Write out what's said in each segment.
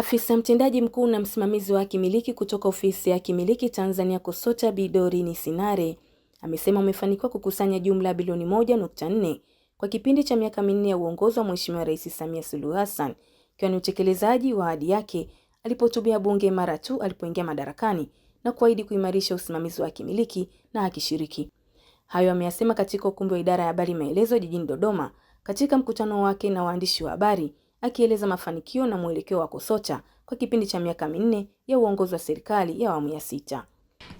Afisa mtendaji mkuu na msimamizi wa kimiliki kutoka ofisi ya kimiliki Tanzania Kosota bidori ni Sinare amesema umefanikiwa kukusanya jumla ya bilioni moja nukta nne kwa kipindi cha miaka minne ya uongozi wa Mheshimiwa Rais Samia Suluhu Hassan ikiwa ni utekelezaji wa ahadi yake alipotubia Bunge mara tu alipoingia madarakani na kuahidi kuimarisha usimamizi wa kimiliki na Hakishiriki. Hayo ameyasema katika ukumbi wa Idara ya Habari Maelezo jijini Dodoma katika mkutano wake na waandishi wa habari akieleza mafanikio na mwelekeo wa COSOCHA kwa kipindi cha miaka minne ya uongozi wa serikali ya awamu ya sita.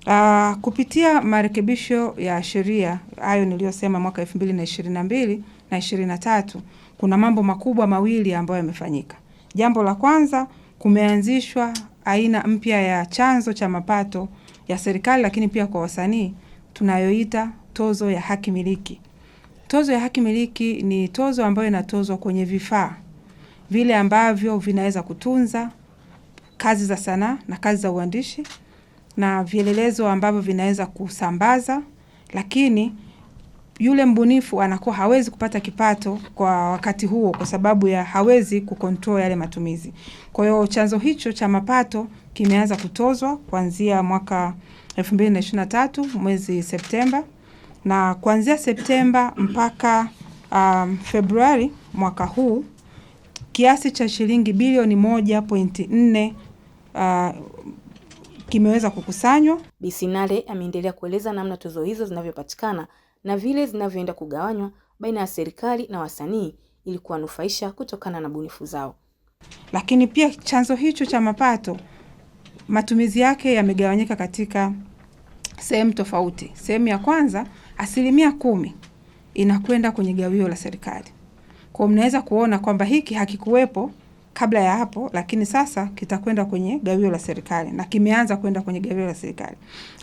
Uh, kupitia marekebisho ya sheria hayo niliyosema mwaka 2022 na 23, kuna mambo makubwa mawili ambayo yamefanyika. Jambo la kwanza, kumeanzishwa aina mpya ya chanzo cha mapato ya serikali lakini pia kwa wasanii tunayoita tozo ya haki miliki. Tozo ya haki miliki ni tozo ambayo inatozwa kwenye vifaa vile ambavyo vinaweza kutunza kazi za sanaa na kazi za uandishi na vielelezo ambavyo vinaweza kusambaza, lakini yule mbunifu anakuwa hawezi kupata kipato kwa wakati huo, kwa sababu ya hawezi kukontrol yale matumizi. Kwa hiyo chanzo hicho cha mapato kimeanza kutozwa kuanzia mwaka 2023 mwezi Septemba, na kuanzia Septemba mpaka um, Februari mwaka huu kiasi cha shilingi bilioni 1.4 uh, kimeweza kukusanywa. Bisinale ameendelea kueleza namna tuzo hizo zinavyopatikana na vile zinavyoenda kugawanywa baina ya serikali na wasanii ili kuwanufaisha kutokana na bunifu zao. Lakini pia chanzo hicho cha mapato matumizi yake yamegawanyika katika sehemu tofauti. Sehemu ya kwanza asilimia kumi inakwenda kwenye gawio la serikali, kwa mnaweza kuona kwamba hiki hakikuwepo kabla ya hapo, lakini sasa kitakwenda kwenye gawio la serikali na kimeanza kwenda kwenye gawio la serikali,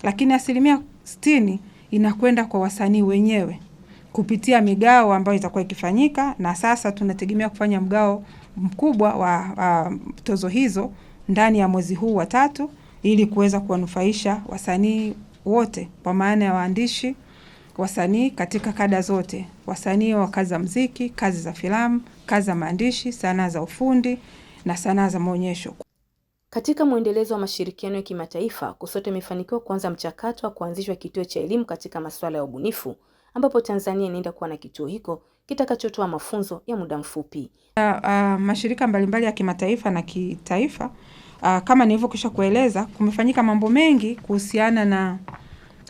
lakini asilimia sitini inakwenda kwa wasanii wenyewe kupitia migao ambayo itakuwa ikifanyika, na sasa tunategemea kufanya mgao mkubwa wa uh, tozo hizo ndani ya mwezi huu wa tatu ili kuweza kuwanufaisha wasanii wote kwa maana ya waandishi wasanii katika kada zote, wasanii wa kazi za mziki, kazi za filamu, kazi za maandishi, sanaa za ufundi na sanaa za maonyesho. Katika mwendelezo wa mashirikiano ya kimataifa, KUSOTE imefanikiwa kuanza mchakato wa kuanzishwa kituo cha elimu katika masuala ya ubunifu ambapo Tanzania inaenda kuwa na kituo hiko kitakachotoa mafunzo ya muda mfupi. Uh, uh, mashirika mbalimbali ya kimataifa na kitaifa, uh, kama nilivyokwisha kueleza, kumefanyika mambo mengi kuhusiana na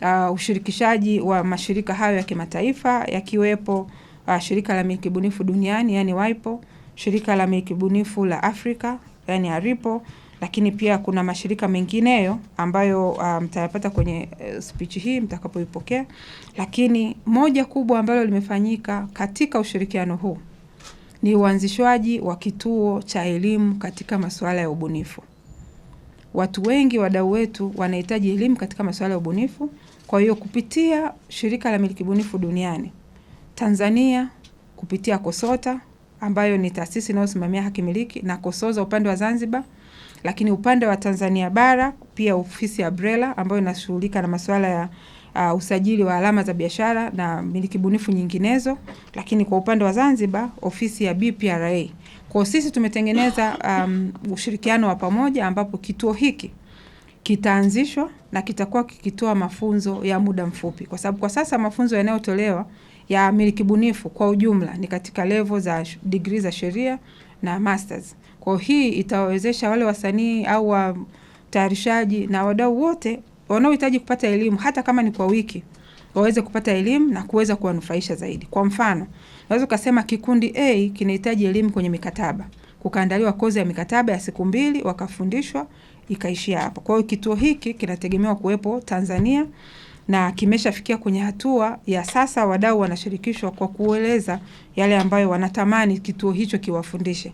uh, ushirikishaji wa mashirika hayo ya kimataifa yakiwepo uh, shirika la milki bunifu duniani yani WIPO, shirika la milki bunifu la Afrika yani ARIPO, lakini pia kuna mashirika mengineyo ambayo ah, mtayapata um, kwenye uh, spichi hii mtakapoipokea. Lakini moja kubwa ambalo limefanyika katika ushirikiano huu ni uanzishwaji wa kituo cha elimu katika masuala ya ubunifu. Watu wengi, wadau wetu, wanahitaji elimu katika masuala ya ubunifu. Kwa hiyo kupitia shirika la miliki bunifu duniani Tanzania kupitia KOSOTA ambayo ni taasisi inayosimamia haki miliki na KOSOZA upande wa Zanzibar, lakini upande wa Tanzania bara pia ofisi ya BRELA ambayo inashughulika na masuala ya uh, usajili wa alama za biashara na miliki bunifu nyinginezo, lakini kwa upande wa Zanzibar ofisi ya BPRA. Kwa sisi tumetengeneza um, ushirikiano wa pamoja ambapo kituo hiki kitaanzishwa na kitakuwa kikitoa mafunzo ya muda mfupi, kwa sababu kwa sasa mafunzo yanayotolewa ya miliki bunifu kwa ujumla ni katika levo za digrii za sheria na masters. Kwa hii itawawezesha wale wasanii au watayarishaji na wadau wote wanaohitaji kupata elimu hata kama ni kwa wiki waweze kupata elimu na kuweza kuwanufaisha zaidi. Kwa mfano, naweza ukasema kikundi A kinahitaji elimu kwenye mikataba kukaandaliwa kozi ya mikataba ya siku mbili, wakafundishwa ikaishia hapo. Kwa hiyo kituo hiki kinategemewa kuwepo Tanzania na kimeshafikia kwenye hatua ya sasa, wadau wanashirikishwa kwa kueleza yale ambayo wanatamani kituo hicho kiwafundishe.